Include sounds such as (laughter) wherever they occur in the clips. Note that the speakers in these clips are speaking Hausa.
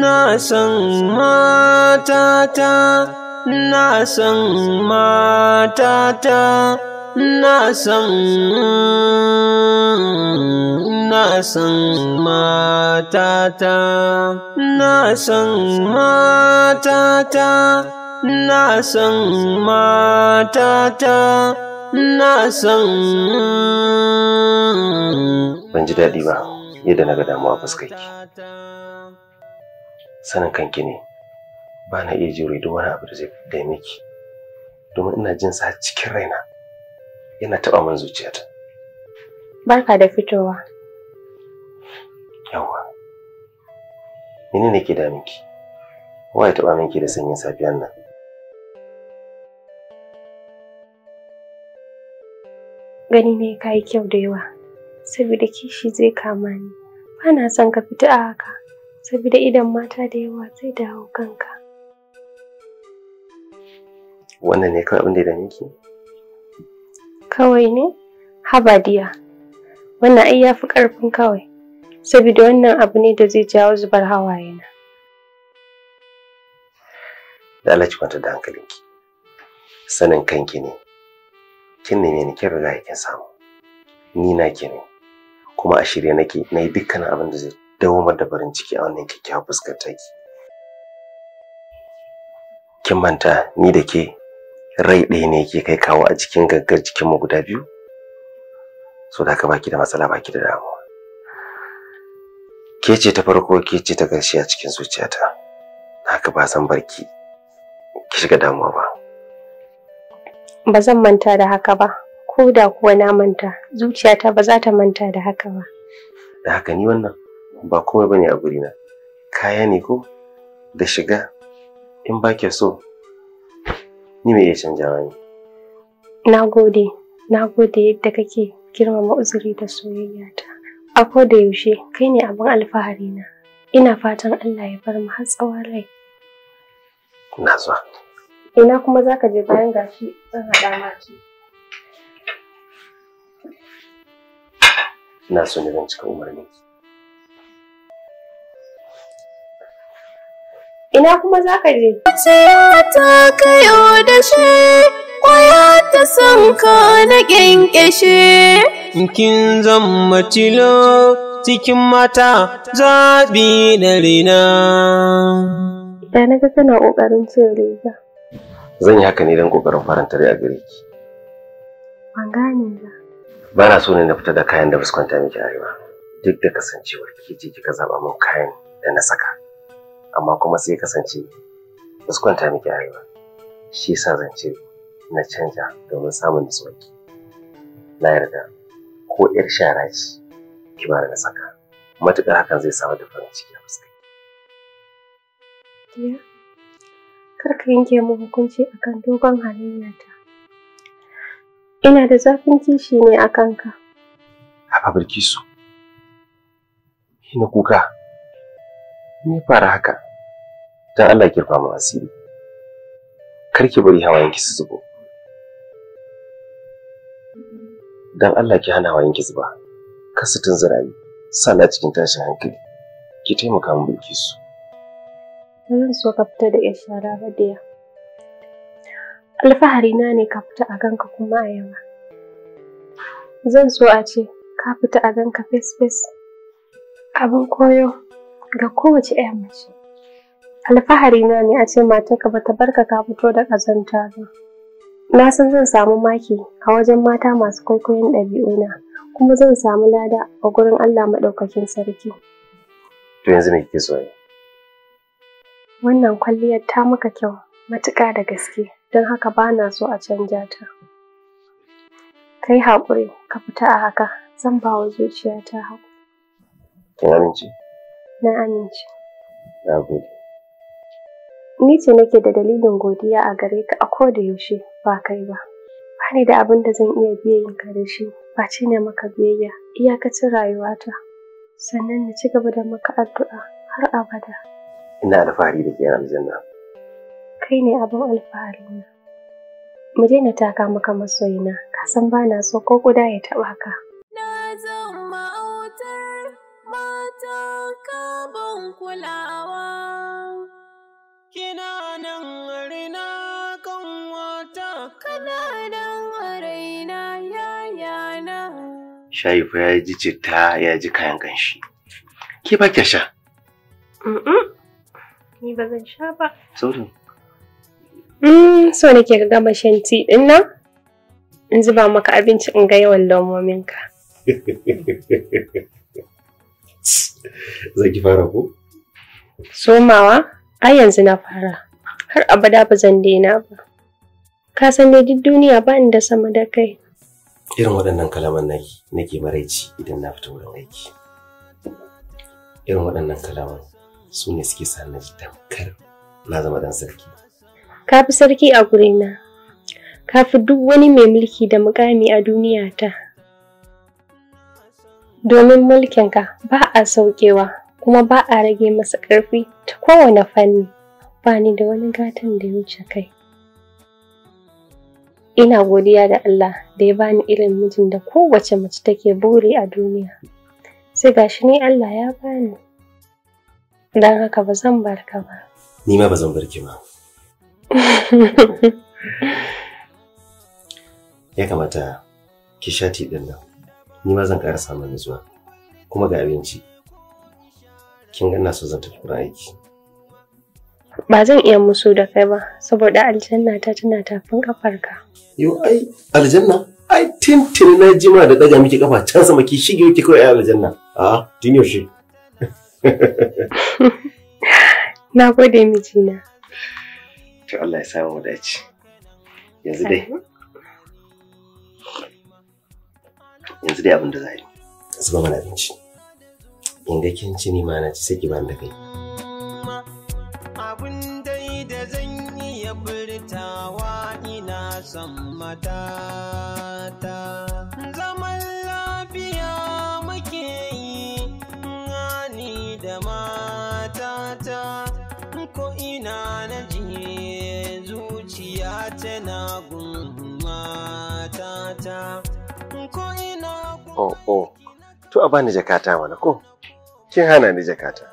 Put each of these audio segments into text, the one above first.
Na san matata, na san matata, na san na san matata, na san matata, na san matata, na san Ban ji daɗi ba, yadda na ga damuwa fuskarki. sanin kanki ne ba na iya jure duk wani abu da zai dame ki domin ina jin sa cikin raina yana taɓa min zuciyata barka da fitowa yawa ne ke damin ki wa ya taɓa minki da sanyin safiyar nan gani ne ka kyau da yawa saboda kishi zai kama ni ba na son ka fita a haka saboda idan mata da yawa zai dawo kanka wannan ne kawai abin da dame ki kawai ne habadiya wannan ai yafi karfin kawai saboda wannan abu ne da zai jawo zubar hawaye na da Allah ki kwanta da hankalinki sanin kanki ne kin ne ni kin riga kin samu ni na ki ne kuma a shirye nake na yi dukkan abin da zai dawamar da farin ciki a wannan kyakkyawar fuskar taki kin manta ni da ke rai ɗaya ne ke kai kawo a cikin gaggar jikinmu guda biyu so da ka baki da matsala baki da damuwa ke ce ta farko ke ce ta ƙarshe a cikin zuciyata haka ba zan barki ki shiga damuwa ba ba zan manta da haka ba ko da kuwa na manta zuciyata ba za ta manta da haka ba da haka ni wannan ba komai bane a guri na kaya ne ko da shiga in ba ke so ni mai iya canja ne na gode na gode yadda kake girmama uzuri da soyayya ta a da yaushe kai ne abin alfahari na ina fatan Allah ya bar mu har tsawon rai na zuwa ina kuma zaka je bayan gashi zan haɗa maki Na so ne zan cika umarninki ina kuma za ka je? ta kayo da shi, kwaya ta son ka na ƙyanƙyashe. Kin zama tilo cikin mata zaɓi da rina. Da na ga tana ƙoƙarin cin riga. Zan yi haka ne don ƙoƙarin faranta rai a gare ki. Ban gane ba. Ba na so ne na fita da kayan da fuskanta su kwanta miki Duk da kasancewar kike kika zaɓa min kayan da na saka. amma kuma sai kasance ba su miki arewa shi yasa zan ce na canja domin samun nutsuwa na yarda ko yar shara ce ki ba na saka matuƙar hakan zai samu da farin ciki a fuska kar ka yanke mu hukunci akan dogon halayyata ina da zafin kishi ne a kanka a barki ina kuka me fara haka dan Allah ki rufa asiri kar ki bari hawayen ki su zubo dan Allah ki hana hawayen ki zuba kar su tunzura sa sana cikin tashin hankali ki taimaka mu bulki su zan so ka fita da ishara hadiya alfahari na ne ka fita a ganka kuma a yawa zan so a ce ka fita a ganka face face abin koyo ga kowace 'ya mace alfahari na ne a ce matarka ba ta barka ka fito da ƙazanta ba na san zan samu maki a wajen mata masu kwaikwayon na kuma zan samu lada a gurin Allah maɗaukakin sarki to yanzu me kike so wannan kwalliyar ta maka kyau matuka da gaske don haka ba na so a canja ta kai haƙuri ka fita a haka zan ba wa zuciyata haƙuri Na amince na amince na gode ni ce nake da dalilin godiya a gare ka a koda yaushe ba kai ba ba da abin da zan iya biyayin ka da shi ba ne maka biyayya iyakacin rayuwata sannan na ci gaba da maka addu'a har abada ina alfahari da ke aljanna kai ne abin alfahari na mu daina taka maka masoyina ka san ba na so ko guda ya taɓa ka na zama autar mata kabon kulawa kina nan rina kan wata kana nan raina yayana shayi fa ya ji citta ya ji kayan kanshi ke ba kya sha ni ba zan sha ba sauri Mm, so nake ka gama shan ti din nan in zuba maka abinci in ga yawan lomominka (laughs) za ki fara ko somawa Ai yanzu na fara, har abada ba zan daina ba. Ka san dai duk duniya ba da sama da kai. Irin waɗannan kalaman yi nake maraici idan na fita wurin aiki. Irin waɗannan kalaman su ne suke sa na ji tamkar na zama dan sarki. Ka fi sarki a gurina. Ka fi duk wani mai mulki da mukami a duniya ta. Domin mulkinka ba a saukewa kuma ba a rage masa ƙarfi ta kowane fanni ba ni da wani gatan da ya wuce kai ina godiya da Allah da ya bani irin mijin da kowace mace take buri a duniya sai gashi ni Allah ya bani don haka ba zan bar ka ba ni ma ba zan bar ki ba (laughs) ya kamata ki sha ɗin nan ni ma zan ƙara samun nutsuwa kuma ga abinci kin ga ina so zan tafi gurin aiki ba zan iya musu da kai ba saboda aljanna ta tana tafin ka. yo ai aljanna ai tintin na jima da daga miki kafa can sama ki shige ki kawai aljanna a tun yaushe (laughs) na gode mijina to Allah ya samu dace yanzu dai yanzu dai abin da za yi zuba mana abinci in ga kin ci ni ma ci sai ban da kai abin dai da zan yi ya furtawa ina son matata zaman lafiya muke yi ni da matata ko ina na ji zuciya tana gummatata ko ina oh oh to a bani jakata mana ko kin hana ni jakata.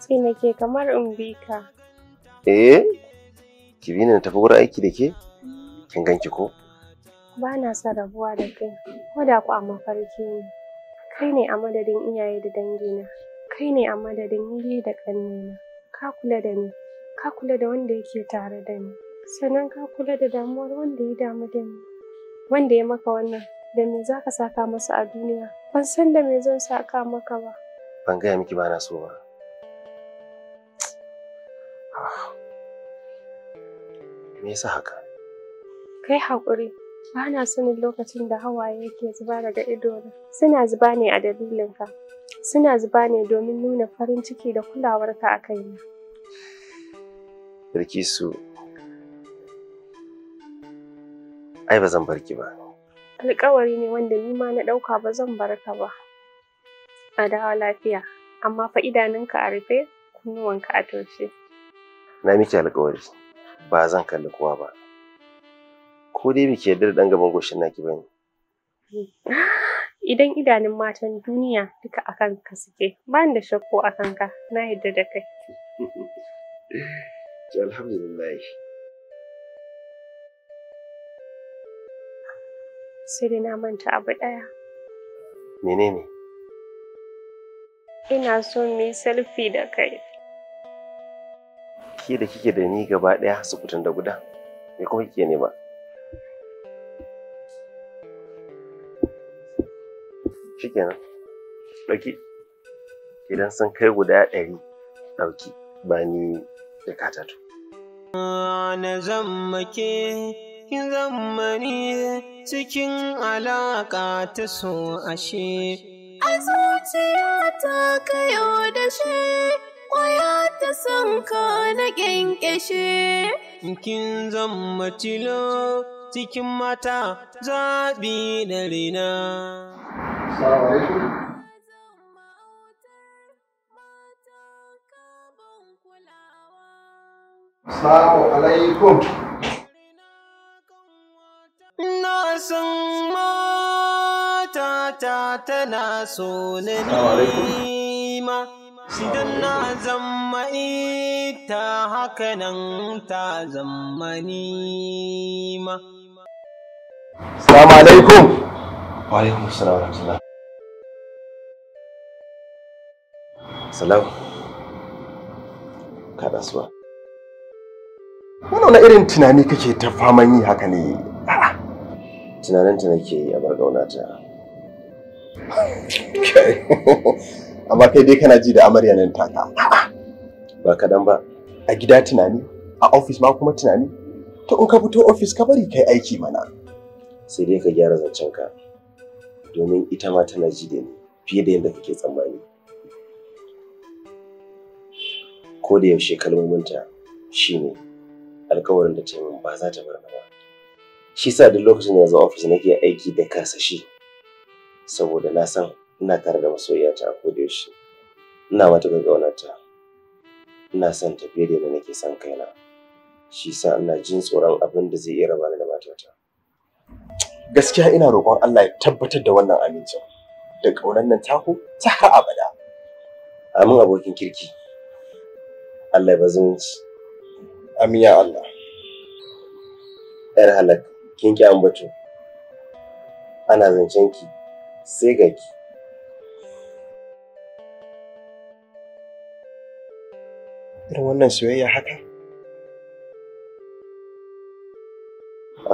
Ce nake kamar in bi ka. Eh, ki bi ni na tafi wurin aiki da ke? Kin ganki ko? Ba na son rabuwa da kai, ko da ku a mafarki ne. Kai ne a madadin iyaye da na? kai ne a madadin yi da ƙannena. Ka kula da ni, ka kula da wanda yake tare da ni, sannan ka kula da damuwar wanda ya damu da ni. Wanda ya maka wannan, da me za ka saka masa a duniya? Ban san da me zan saka maka ba. ban gaya miki ba na so ba ah. me yasa haka kai haƙuri ba na sanin lokacin da hawaye yake zuba daga idona suna zuba ne a dalilinka suna zuba ne domin nuna farin ciki da kulawarka a kaina Bilkisu ai ba zan barki ba alƙawari ne wanda ni ma na ɗauka ba zan barka ba a dawo lafiya, amma fa idanunka a rufe, kunnuwanka a toshe. Na miki alƙawari ba zan kalli kowa ba. Ko dai biki yarda ɗan gaban goshin naki ba ne. (laughs) Idan idanun matan duniya duka a kanka suke, ba da shakko a kanka, na yadda da kai. (laughs) Alhamdulillah. Sai dai na manta abu ɗaya. Menene? ina so mu yi selfie da kai ke da kike da ni gaba ɗaya kutun da guda me kuma kike nema shikenan ɗauki idan sun kai guda ɗari ɗauki ba ni da katatu na zammake kin zammani cikin alaƙa ta so ashe zuciya ta kayo da shi ƙwaya ta son ka na ƙyanƙyashe kin zama tilo cikin mata zaɓi da rina Salamu alaikum. Na san ma tana so na nima idan na zama ita haka nan ta zama nima. Salamu alaikum. Wa alaikum salam rahmatullah. Salam. Ka rasuwa. Wannan wani irin tunani kake ta faman yi haka ne? A'a. Tunanin ta nake yi a bargaunata. (laughs) amma kai dai kana ji da amarya nan taka ba kaɗan ba a gida tunani a ofis ma kuma tunani to in ka fito ofis ka bari kai aiki mana sai dai ka gyara zancen ka domin ita ma tana ji da ni fiye da yadda kake tsammani ko da yaushe kalmominta shine alkawarin da ta yi ba za ta bar ba shi sa duk lokacin da zo ofis nake aiki da kasashe. saboda na san ina tare da masoyiyata a yaushe, ina matuƙar ƙaunarta ina son ta fiye da yadda nake son kaina shi sa ina jin tsoron abin da zai iya raba ni da matata gaskiya ina roƙon Allah ya tabbatar da wannan amincin da ƙaunar nan taku ta har abada amin abokin kirki Allah ya zumunci amin ya Allah yar halak kin ki ambato ana zancen ki sai ga ki irin wannan soyayya haka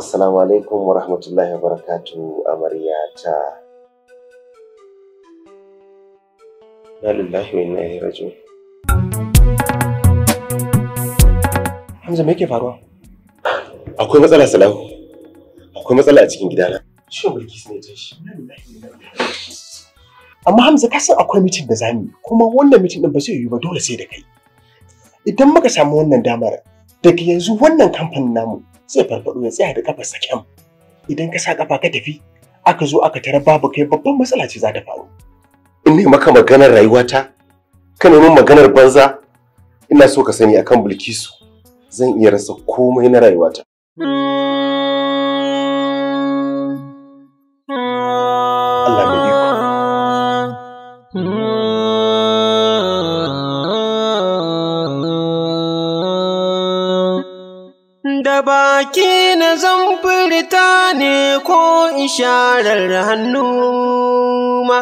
assalamu alaikum wa rahmatullahi wa barakatu amaryata na lillahi wa inna ilaihi Hamza me ke faruwa? Akwai matsala Salahu. Akwai matsala a cikin gidana. ciwon bilkis ne ta shi amma hamza ka san akwai mitin da zamu kuma wannan mitin din ba zai yiwu ba dole sai da kai idan muka samu wannan damar daga yanzu wannan kamfanin namu zai farfado ya tsaya da sa kyam idan ka sa kafa ka tafi aka zo aka tara babu kai babban matsala ce za ta faru in ne maka maganar rayuwata ka nemi maganar banza ina so ka sani akan bilkisu zan iya rasa komai na rayuwata. da baki na zamfurta ne ko isharar hannu ma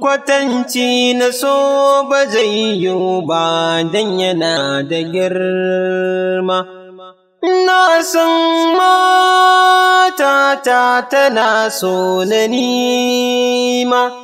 kwatanci na so ba zai yiwu ba dan yana da girma Na san matata tana so na nima,